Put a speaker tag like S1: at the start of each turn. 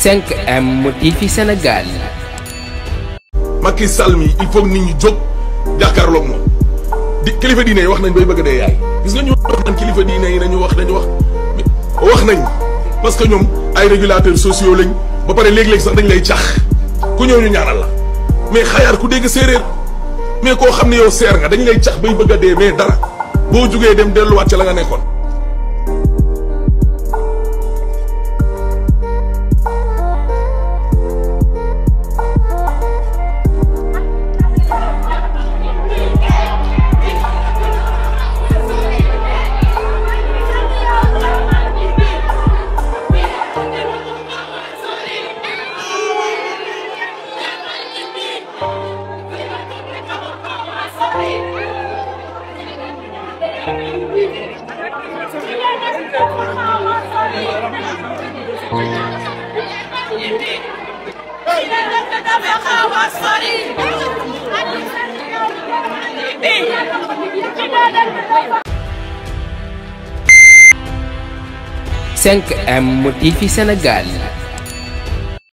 S1: 5M TV Sénégal. Sall mi il faut nit ñi jóg jàkkaarloog moom di kilifa diine yi wax nañ bay bëgg dee yaay gis nga ñu wax nañ kilifa diine yi wax dañu wax wax nañ parce que ñoom ay régulateurs sociaux lañ ba pare léegi léeg sax dañ lay cax ku ñëw ñu ñaanal la mais xayaar ku dégg séeréer mais koo xam ne yow seer nga dañ lay cax bay bëgg a dee mais dara boo jógee dem delluwaat ca la nga nekkoon. 5M TV Sénégal